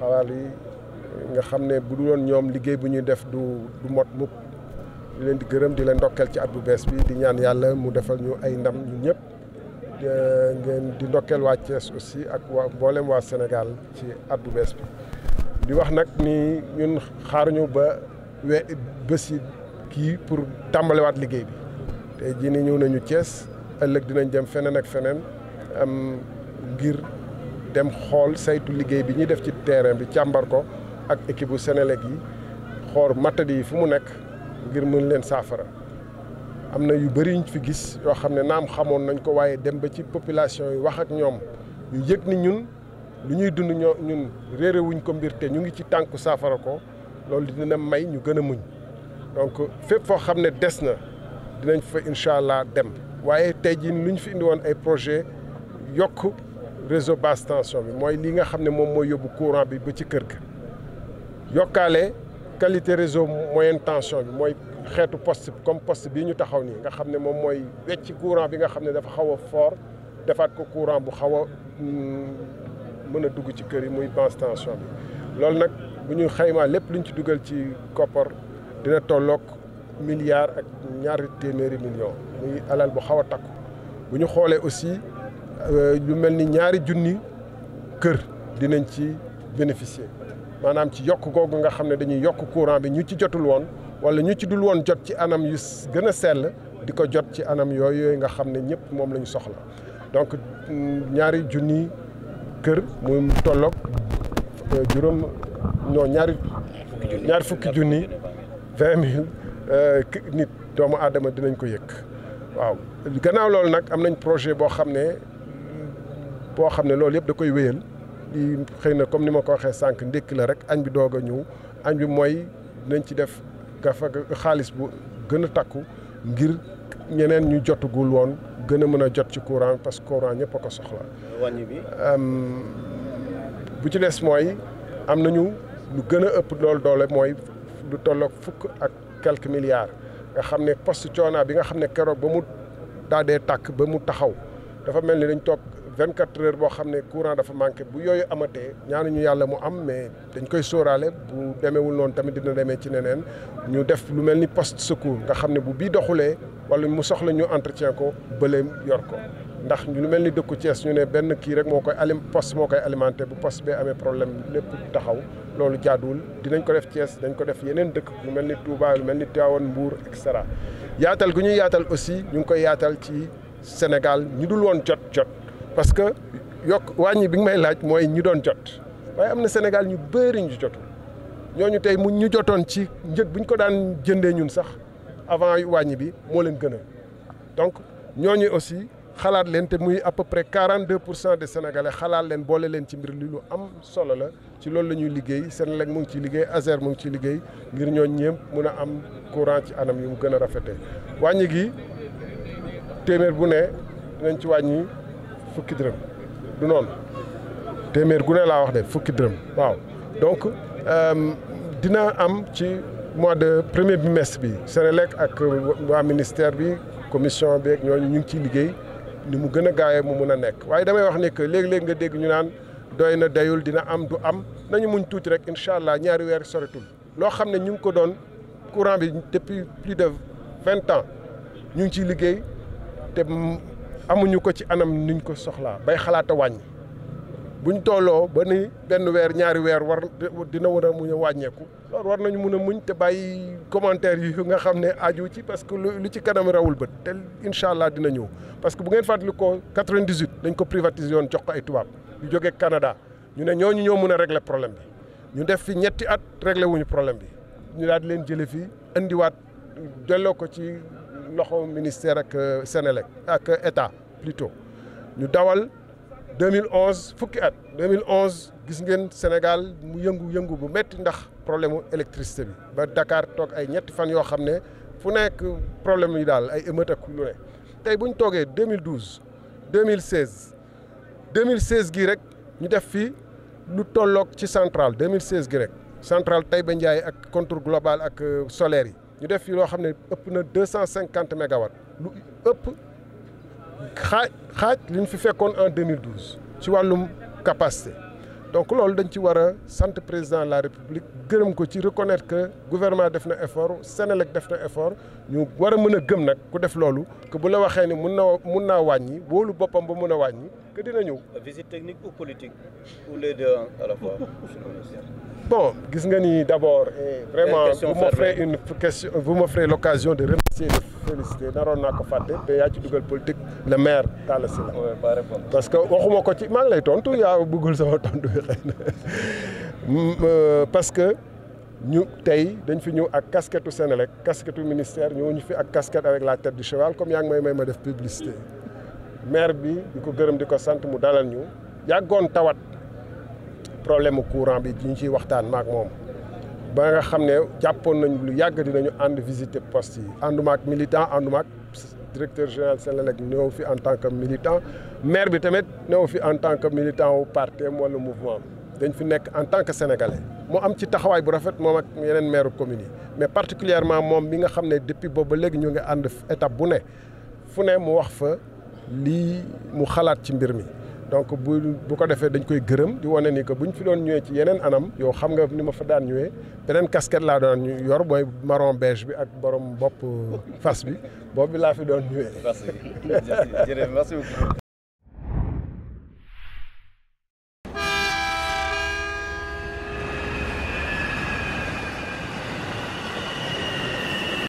xawaal yi nga xam ne bu dul woon ñoom liggéey bu ñuy def du du mot mukk di leen di gërëm di leen ndokkeel ci at bu bees bi di ñaan yàlla mu defal ñu ay ndam ñun ñëpp eh, ngeen di ndokkeel waa Thiès aussi ak waa mboolem waa senegal ci at bu bees bi. di wax nag ni ñun xaaruñu ba we bés yi kii pour tàmbaliwaat liggéey bi tey jii nii ñëw nañu Thiès ëllëg dinañ jëm feneen ak feneen am ngir. dem xool saytu liggéey bi ñuy def ci terrain bi càmbar ko ak équipe bu Sénélec yi xoor matadi yi fu mu nekk ngir mun leen saafara am na yu bëri ñu fi gis yoo xam ne naam xamoon nañ ko waaye dem ba ci population yi wax ak ñoom ñu yëg ni ñun lu ñuy dund ñun réere ko mbir te ñu ngi ci tànku saafara ko loolu dina may ñu gën a muñ donc fépp foo xam ne des na dinañ fa incha allah dem waaye tey jii luñ fi indi woon ay projet yokk réseau basse tension bi mooy lii nga xam ne moom mooy yóbbu courant bi ba ci kër ga yokkaale qualité réseau moyenne tension bi mooy xeetu poste comme poste bii ñu taxaw nii nga xam ne moom mooy wecci courant bi nga xam ne dafa xaw a fort defaat ko courant bu xaw a mm, mën a dugg ci kër yi muy basse tension bi loolu nag bu ñu xaymaa lépp luñ ci dugal ci koppar dina tollook milliard ak ñaari téeméeri million muy alal bu xaw a takku bu ñu xoolee aussi lu mel ni ñaari junni kër dinañ ci bénéficier maanaam ci yokk googu nga xam ne dañuy yokk courant bi ñu ci jotul woon wala ñu ci dul woon jot ci anam yu gën a sell di ko jot ci anam yooyu yooyu nga xam ne ñëpp moom la ñu soxla donc ñaari junni kër mu tolloog euh, juróom ñoo ñaari ñaari fukki junni vingt mille euh, nit doomu aadama dinañ ko yëkk waaw gannaaw loolu nag am nañ projet boo xam ne boo xam ne loolu yëpp da koy wéyal di xëy na comme ni ma ko waxee sànq ndékki la rek añ bi doog a ñëw añ bi mooy nañ ci def gafa xaalis bu gën a takku ngir ñeneen ñu jotagul woon gën a mën a jot ci courant parce que courant ñëpp a ko soxla. wàññi bi bu ci des mooy am nañu lu gën a ëpp loolu doole mooy lu tollook fukk ak quelques milliards nga xam ne post coona bi nga xam ne keroog ba mu daadee tàkk ba mu taxaw dafa mel ni dañ toog. vingt quatre heures boo xam ne courant dafa manqué bu yooyu amatee ñaanuñu yàlla mu am mais dañ koy sóoraale bu demeewul noonu tamit dina demee ci neneen ñu def lu mel ni poste secours nga xam ne bu bii doxulee wala mu soxla ñu entretien ko bële yor ko ndax lu mel ni dëkku Thiès ñu ne benn kii rek moo koy alim poste moo koy alimenté bu post bee amee problème lépp taxaw loolu jaaduwul dinañ ko def cees dañ ko def yeneen dëkk lu mel ni Touba lu mel ni Tivaouane Mbour et cetera yaatal gu ñuy yaatal aussi ñu ngi koy yaatal ci Sénégal ñu dul woon jot jot parce que yokk wàññi bi nga may laaj mooy ñi doon jot waaye am na Sénégal ñu bëri ñu jotul ñooñu tey mu ñu jotoon ci njët bu ñu ko daan jëndee ñun sax avant wàññi bi moo leen gën a donc ñooñu aussi xalaat leen te muy à peu près quarante pour cent des Sénégalais xalaat leen boole leen ci mbir li lu am solo la ci loolu la ñuy liggéey Senelec mu ngi ciy liggéey Azer mu ngi ciy liggéey ngir ñooñ ñëpp mun a am courant ci anam yu mu gën a rafetee wàññi gi téeméer bu ne nañ ci yi fukki dërëm du noonu téeméer gu ne laa wax de fukki dërëm waaw donc euh, dina am ci mois de premier bimestre bi lekk ak waa ministère bi commission beek ak ñooñu ñu ngi ciy liggéey ni mu gën a gaawee mu mun a nekk waaye damay wax ne que léeg-léeg nga dégg ñu naan doy na dayul dina am du am nañu muñ tuuti rek incha allah ñaari weer soretul loo xam ne ñu ngi ko doon courant bi depuis plus de vingt ans ñu ngi liggéey te amuñu ko ci anam nuñ ko soxlaa bay xalaata a buñ tolloo ba ni benn weer ñaari weer war dina war a mun a wàññeeku loolu war nañu mun a muñ te bàyyi commentaire yi nga xam ne aju ci parce que lu ci kanam rawul bët te incha allah dina ñëw parce que bu ngeen fàttali ko 98 dañ ko privatiser yoon jox ko ay tubaab yu jógee Canada ñu ne ñooñu ñoo mun a régler problème bi ñu def fi ñetti at régler wuñu problème bi ñu daal di leen jëlee fii indiwaat delloo ko ci. loxo ministère ak euh, Sénélec ak état plutôt ñu dawal 2011 fukki at 2011 gis ngeen Sénégal mu yëngu-yëngu bu métti ndax problème mu électricité bi ba Dakar toog ay ñetti fan yoo xam ne fu nekk problème yi daal ay émat ak lu ne tey bu ñu toogee 2012 2016 2016 gii rek ñu def fii lu tolloog ci centrale 2016 gi rek tey Taïba Ndiaye ak contour global ak euh, solaire yi. ñu def fi loo xam ne ëpp na deux cent cinquante mégawatts lu ëpp xaaj xaaj li ñu fi fekkoon en 2012 ci wàllum capacité donc loolu dañ ci war a sant président la république gërëm ko ci reconnaître que gouvernement def na effort Sénélec def na effort ñu war a mën a gëm nag ku def loolu que bu la waxee ni mun na mun naa wàññi woolu boppam ba mun a wàññi que dina ñëw. visite technique ou politique ou les deux bon gis nga ni d' abord. Eh, vraiment vous une question vous m'offrez l'occasion de. Sidi félicité naroon naa ko fàtte te yaa ci dugal politique le maire Talla Sylla parce que waxuma ko ci maa ngi lay tontu yaa bëggul sama tontu bi xëy na euh, parce que ñu tey dañ fi ñëw ak casquette Sénélec casquette ministère ñëw ñu fi ak casquette avec la tête du cheval comme yaa ngi may may ma def publicité maire bi di ko gërëm di ko sant mu dalal ñu yàggoon tawat problème mu courant bi ñu ciy waxtaan maak moom. ba nga xam ne jàppoon nañ lu yàgg dinañu ànd visiter poste yi ànduma ak militant ànduma ak directeur général Senelec néew fi en tant que militant maire bi tamit néew fi en tant que militant wu parti wala mouvement dañ fi nekk en tant que sénégalais mu am ci taxawaay bu rafet moom ak yeneen maire commune yi mais particulièrement moom mi nga xam ne depuis boobu léegi ñu ngi ànd étape bu ne fu ne mu wax fa lii mu xalaat ci mbir mi donc bu bu ko defee dañ koy gërëm di wane ni que buñ fi doon ñëwee ci yeneen anam yow xam nga ni ma fa daan ñëwee beneen casquette laa ñuy yor mooy marron beige bi ak borom bopp euh, fas bi boobu laa fi doon ñëwee.